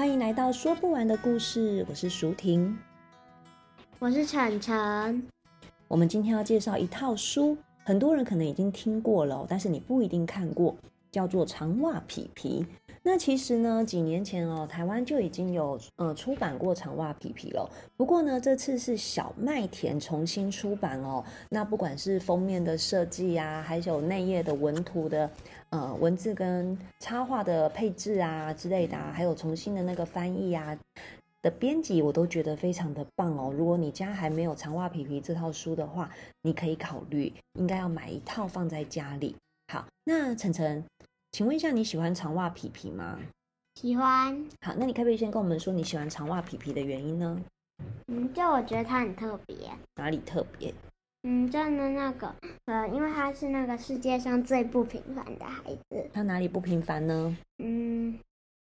歡迎來到說不完的故事，我是舒婷，我是澄澄。我們今天要介紹一套書，很多人可能已經聽過了，但是你不一定看過。叫做長襪皮皮。那其實呢，幾年前哦，台灣就已經有呃出版過長襪皮皮了。不過呢，這次是小麥田重新出版哦。那不管是封面的設計呀、啊，還有內頁的文圖的呃文字跟插畫的配置啊之類的、啊，還有重新的那個翻譯啊的編輯，我都覺得非常的棒哦。如果你家還沒有長襪皮皮這套書的話，你可以考慮應該要買一套放在家裡。好，那澄澄，請問一下你喜歡長襪皮皮嗎？喜歡。好，那你可不可以先跟我們說你喜歡長襪皮皮的原因呢？嗯，就我覺得他很特別。哪裡特別？嗯，這樣的那個，呃，因為他是那個世界上最不平凡的孩子。他哪裡不平凡呢？嗯，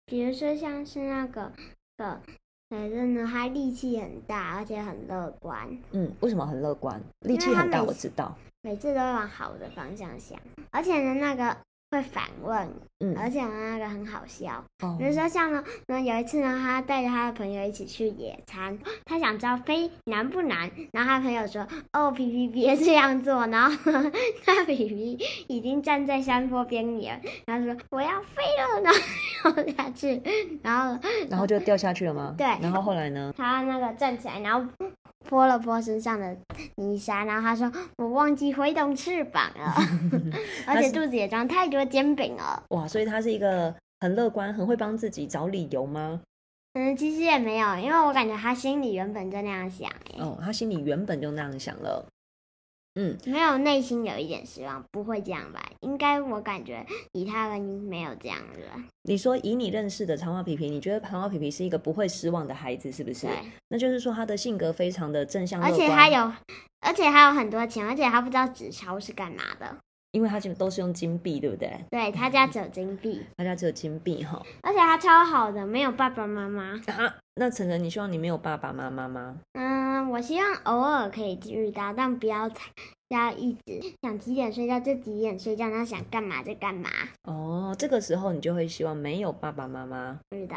比如說像是那個，那個、呃，反正呢，他力氣很大，而且很樂觀。嗯，為什麼很樂觀？力氣很大，我知道。每次都會往好的方向想，而且呢，那個會反問，嗯，而且呢，那個很好笑。哦、比如說像呢，那有一次呢，他帶着他的朋友一起去野餐，他想知道飛難不難，然後他朋友說：“哦，皮皮別這樣做。”然後，那皮皮已經站在山坡邊緣，他說：“我要飛了呢。”然後下去，然後然後就掉下去了嗎？對。然後後來呢？他那個站起來，然後。潑了潑身上的泥沙，然後他說：“我忘記揮動翅膀了， 是而且肚子也裝太多煎餅了。”哇，所以他是一個很樂觀、很會幫自己找理由嗎？嗯，其實也沒有，因為我感覺他心裡原本就那樣想。哦，他心裡原本就那樣想了。嗯，沒有內心有一點失望，不會這樣吧？應該，我感覺以他人沒有這樣子。你說以你認識的長襪皮皮，你覺得長襪皮皮是一個不會失望的孩子，是不是？對，那就是說他的性格非常的正向樂觀，而且他有，而且他有很多錢，而且他不知道紙鈔是幹嘛的。因為他全都是用金幣，對不對？對，他家只有金幣，他家只有金幣哈。而且他超好的，沒有爸爸媽媽。啊？那晨晨，你希望你沒有爸爸媽媽嗎？嗯，我希望偶爾可以遇到，但不要不要，一直想幾點睡覺就幾點睡覺，那想幹嘛就幹嘛。哦，這個時候你就會希望沒有爸爸媽媽對的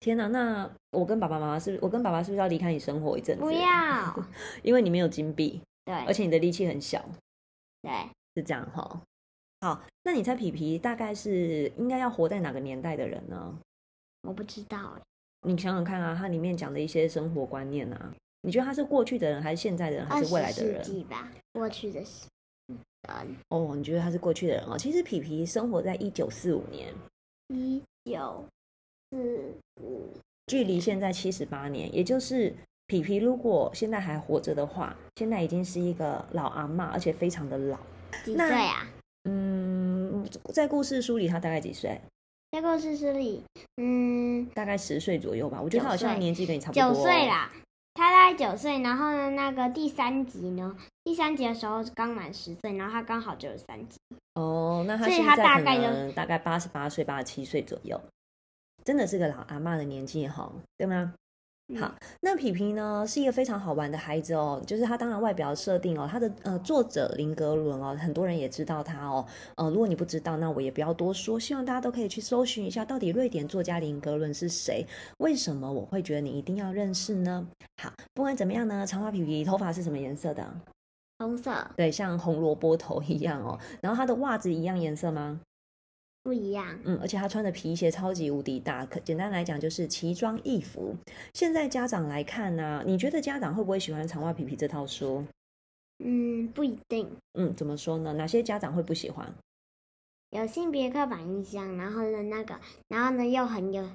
天哪、啊，那我跟爸爸媽媽是不是？我跟爸爸是不是要離開你生活一陣子？不要， 因為你沒有金幣，對，而且你的力氣很小，對。是這樣哈，好，那你猜皮皮大概是應該要活在哪個年代的人呢？我不知道哎，你想想看啊，他裡面講的一些生活觀念啊，你覺得他是過去的人，還是現在的人，還是未來的人？吧，過去的人。哦，oh, 你覺得他是過去的人哦。其實皮皮生活在一九四五年，一九四五，距離現在七十八年，也就是皮皮如果現在還活着的話，現在已經是一個老阿嬤，而且非常的老。幾歲啊？嗯，在故事書裡他大概幾歲？在故事書裡，嗯，大概十歲左右吧。九歲，我覺得他好像年紀跟你差不多。九歲啦，他大概九歲。然後呢，那個第三集呢？第三集的時候剛滿十歲，然後他剛好就是三集。哦，那他現在大概可能大概八十八歲、八十七歲左右，真的是個老阿媽的年紀也好，對嗎？好，那皮皮呢，是一個非常好玩的孩子哦，就是他當然外表設定哦，他的呃作者林格倫哦，很多人也知道他哦，呃如果你不知道，那我也不要多說，希望大家都可以去搜尋一下到底瑞典作家林格倫是誰，為什麼我會覺得你一定要認識呢？好，不管怎麼樣呢，長襪皮皮頭髮是什麼顏色的？紅色。對，像紅蘿蔔頭一樣哦，然後他的襪子一樣顏色嗎？不一樣，嗯，而且他穿的皮鞋超級無敵大。可，簡單來講就是奇裝異服。現在家長來看呢，啊，你覺得家長會不會喜歡長襪皮皮這套書？嗯，不一定。嗯，怎麼說呢？哪些家長會不喜歡？有性別刻板印象，然後呢那個，然後呢又很有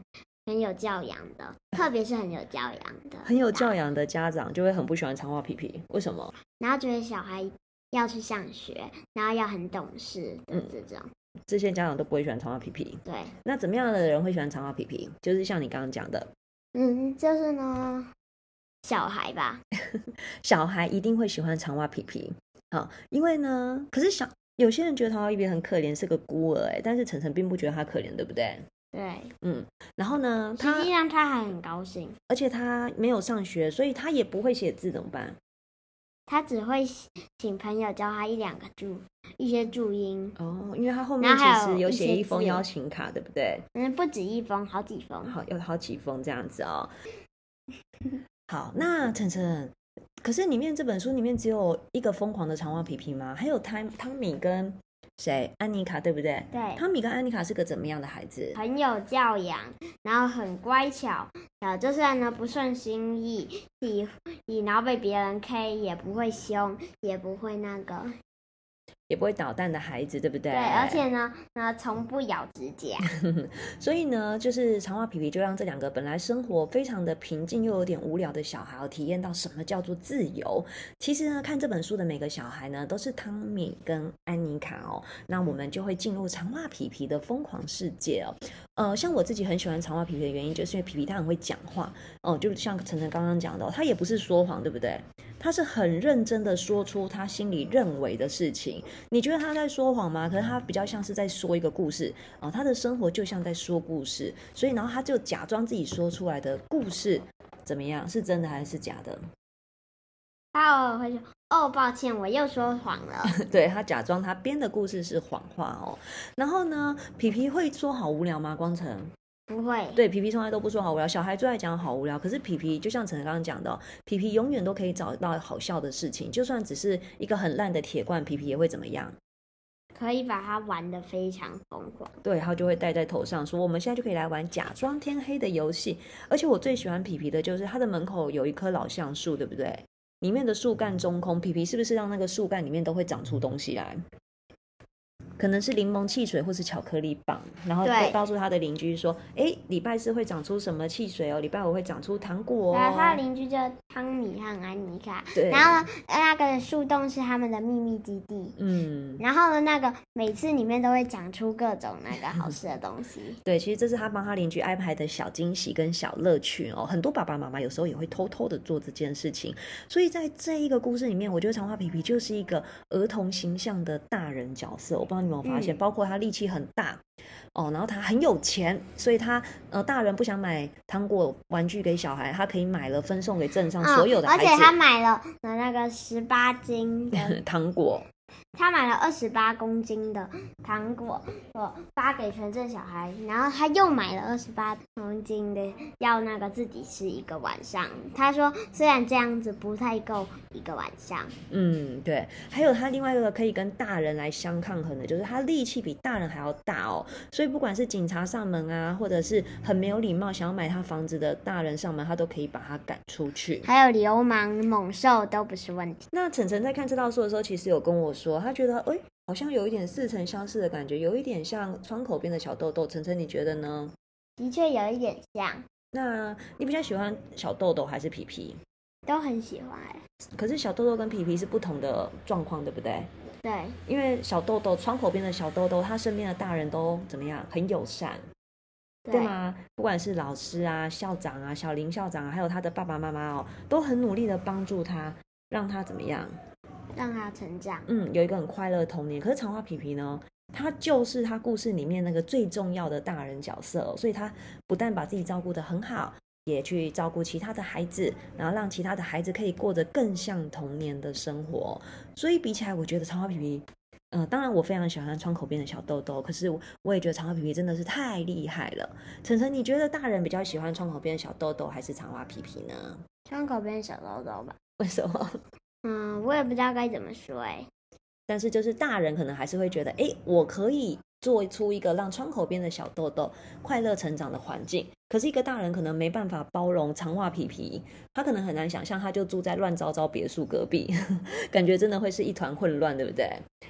很有教養的， 特別是很有教養的，很有教養的家長就會很不喜歡長襪皮皮。為什麼？然後覺得小孩要去上學，然後要很懂事的這種。嗯這些家長都不會喜歡長襪皮皮。對，那怎麼樣的人會喜歡長襪皮皮？就是像你剛剛講的，嗯，就是呢，小孩吧， 小孩一定會喜歡長襪皮皮。好，哦，因為呢，可是小有些人覺得他一邊很可憐，是個孤兒哎，欸，但是澄澄並不覺得他可憐，對不對？對，嗯，然後呢，他實際上他還很高興，而且他沒有上學，所以他也不會寫字，怎麼辦？他只會請朋友教他一兩個注一些注音哦，因為他後面其實有寫一封邀請卡，對不對？嗯，不止一封，好幾封，好有好幾封這樣子哦。好，那澄澄，可是裡面這本書裡面只有一個瘋狂的長襪皮皮嗎？還有湯湯米跟。誰？安妮卡對不對？對，湯米跟安妮卡是個怎麼樣的孩子？很有教養，然後很乖巧，然後就算呢不順心意，你你然後被別人 K 也不會凶，也不會那個。也不會搗蛋的孩子，對不對？對，而且呢，那從不咬指甲。 所以呢，就是長襪皮皮就讓這兩個本來生活非常的平靜又有點無聊的小孩，體驗到什麼叫做自由。其實呢，看這本書的每個小孩呢，都是湯米跟安妮卡哦。那我們就會進入長襪皮皮的瘋狂世界哦。呃，像我自己很喜歡長襪皮皮的原因，就是因為皮皮他很會講話哦，呃，就像澄澄剛剛講的哦，他也不是說謊，對不對？他是很認真的說出他心裡認為的事情，你覺得他在說謊嗎？可是他比較像是在說一個故事啊，哦，他的生活就像在說故事，所以然後他就假裝自己說出來的故事怎麼樣，是真的還是假的？他會、哦、說哦，抱歉，我又說謊了。 對他假裝他編的故事是謊話哦。然後呢，皮皮會說好無聊嗎？光成。不會，對皮皮從來都不說好無聊。小孩最愛講好無聊，可是皮皮就像澄澄剛剛講的，皮皮永遠都可以找到好笑的事情，就算只是一個很爛的鐵罐，皮皮也會怎麼樣？可以把它玩得非常瘋狂。對，它就會戴在頭上說，說我們現在就可以來玩假裝天黑的遊戲。而且我最喜歡皮皮的就是它的門口有一棵老橡樹，對不對？裡面的樹幹中空，皮皮是不是讓那個樹幹裡面都會長出東西來？可能是檸檬汽水或是巧克力棒，然後就告訴他的鄰居說：“哎對，禮拜四會長出什麼汽水哦，禮拜五會長出糖果哦。”他的鄰居叫湯米和安妮卡，對。然後那個樹洞是他們的秘密基地，嗯。然後呢，那個每次裡面都會長出各種那個好吃的東西。對，其實這是他幫他鄰居安排的小驚喜跟小樂趣哦。很多爸爸媽媽有時候也會偷偷的做這件事情，所以在這一個故事裡面，我覺得長襪皮皮就是一個兒童形象的大人角色，對我不知道。有沒有發現？包括他力氣很大，嗯、哦，然後他很有錢，所以他呃，大人不想買糖果玩具給小孩，他可以買了分送給鎮上所有的孩子，哦，而且他買了拿那個十八斤的 糖果。他買了二十八公斤的糖果，我發給全鎮小孩，然後他又買了二十八公斤的，要那個自己吃一個晚上。他說雖然這樣子不太夠一個晚上，嗯，對。還有他另外一個可以跟大人來相抗衡的，就是他力氣比大人還要大哦，所以不管是警察上門啊，或者是很沒有禮貌想要買他房子的大人上門，他都可以把他趕出去。還有流氓猛獸都不是問題。那澄澄在看這套書的時候，其實有跟我說。他覺得，哎、欸，好像有一點似曾相識的感覺，有一點像窗口邊的小豆豆。晨晨，你覺得呢？的確有一點像。那，你比較喜歡小豆豆還是皮皮？都很喜歡欸。可是小豆豆跟皮皮是不同的狀況，對不對？對。因為小豆豆窗口邊的小豆豆，他身邊的大人都怎麼樣？很友善，對，對嗎？不管是老師啊、校長啊、小林校長啊，還有他的爸爸媽媽哦，都很努力的幫助他，讓他怎麼樣？讓他成長，嗯，有一個很快樂的童年。可是長襪皮皮呢？他就是他故事裡面那個最重要的大人角色，所以他不但把自己照顧得很好，也去照顧其他的孩子，然後讓其他的孩子可以過得更像童年的生活。所以比起來，我覺得長襪皮皮，嗯、呃，當然我非常喜歡窗口邊的小豆豆，可是我也覺得長襪皮皮真的是太厲害了。晨晨，你覺得大人比較喜歡窗口邊的小豆豆還是長襪皮皮呢？窗口邊的小豆豆吧？為什麼？嗯，我也不知道該怎麼說哎、欸，但是就是大人可能還是會覺得，誒、欸，我可以做出一個讓窗口邊的小豆豆快樂成長的環境。可是，一個大人可能沒辦法包容長襪皮皮，他可能很難想象，他就住在亂糟糟別墅隔壁，呵呵，感覺真的會是一團混亂，對不對？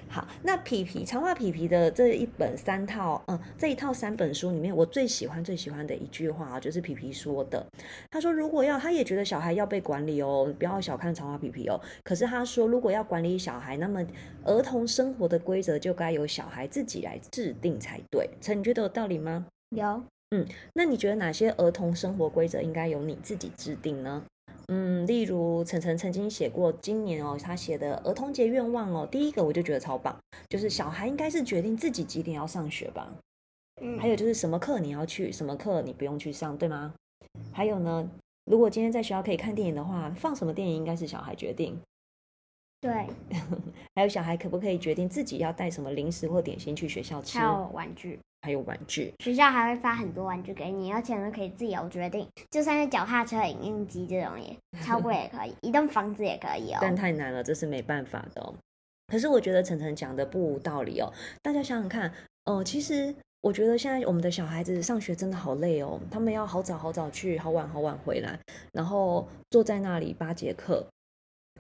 好，那皮皮長襪皮皮的這一本三套，嗯，這一套三本書裡面，我最喜歡最喜歡的一句話啊，就是皮皮說的。他說，如果要，他也覺得小孩要被管理哦，不要小看長襪皮皮哦。可是他說，如果要管理小孩，那麼兒童生活的規則就該由小孩自己來制定才對。澄，你覺得有道理嗎？有。嗯，那你覺得哪些兒童生活規則應該由你自己制定呢？嗯，例如澄澄曾經寫過，今年哦，他寫的兒童節願望哦，第一個我就覺得超棒，就是小孩應該是決定自己幾點要上學吧。嗯，還有就是什麼課你要去，什麼課你不用去上，對嗎？還有呢，如果今天在學校可以看電影的話，放什麼電影應該是小孩決定。對， 還有小孩可不可以決定自己要帶什麼零食或點心去學校吃？還有玩具，還有玩具，學校還會發很多玩具給你，而且你可以自由決定，就算是腳踏車、影印機這種也超過也可以，一棟 房子也可以喔。但太難了，這是沒辦法的喔。可是我覺得澄澄講的不無道理喔，大家想想看，呃，其實我覺得現在我們的小孩子上學真的好累喔，他們要好早好早去，好晚好晚回來，然後坐在那裡八節課。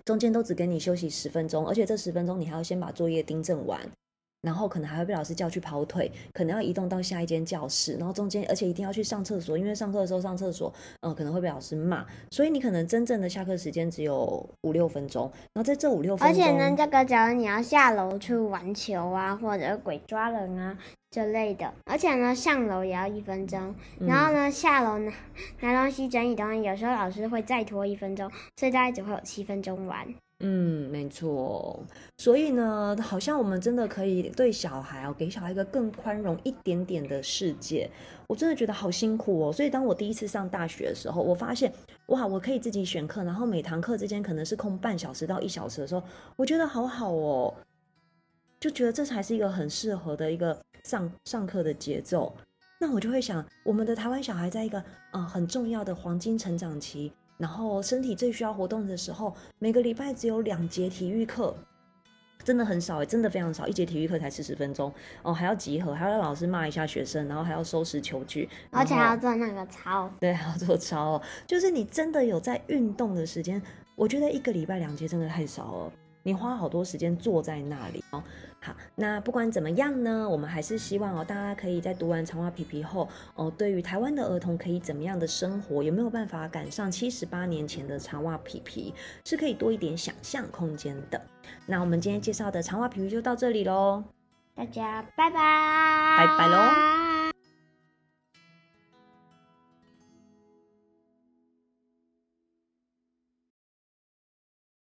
中間都只給你休息十分鐘，而且這十分鐘你還要先把作業訂正完，然後可能還會被老師叫去跑腿，可能要移動到下一間教室，然後中間，而且一定要去上廁所，因為上課的時候上廁所，嗯、呃，可能會被老師罵，所以你可能真正的下課時間只有五六分鐘。然後在這五六分鐘，而且呢，這個假如你要下樓去玩球啊，或者鬼抓人啊。之類的，而且呢，上樓也要一分鐘，嗯、然後呢，下樓呢，拿東西整理東西，有時候老師會再拖一分鐘，所以大概只會有七分鐘玩。嗯，沒錯。所以呢，好像我們真的可以對小孩哦，給小孩一個更寬容一點點的世界。我真的覺得好辛苦哦。所以當我第一次上大學的時候，我發現，哇，我可以自己選課，然後每堂課之間可能是空半小時到一小時的時候，我覺得好好哦，就覺得這才是一個很適合的一個。上上課的節奏，那我就會想，我們的台灣小孩在一個呃很重要的黃金成長期，然後身體最需要活動的時候，每個禮拜只有兩節體育課，真的很少欸，真的非常少，一節體育課才四十分鐘哦，還要集合，還要讓老師罵一下學生，然後還要收拾球具，而且還要做那個操，對，還要做操喔，就是你真的有在運動的時間，我覺得一個禮拜兩節真的太少了。你花好多時間坐在那裡哦。好，那不管怎麼樣呢，我們還是希望哦，大家可以在讀完長襪皮皮後哦，對於台灣的兒童可以怎麼樣的生活，有沒有辦法趕上七十八年前的長襪皮皮，是可以多一點想象空間的。那我們今天介紹的長襪皮皮就到這裡嘍，大家拜拜，拜拜嘍。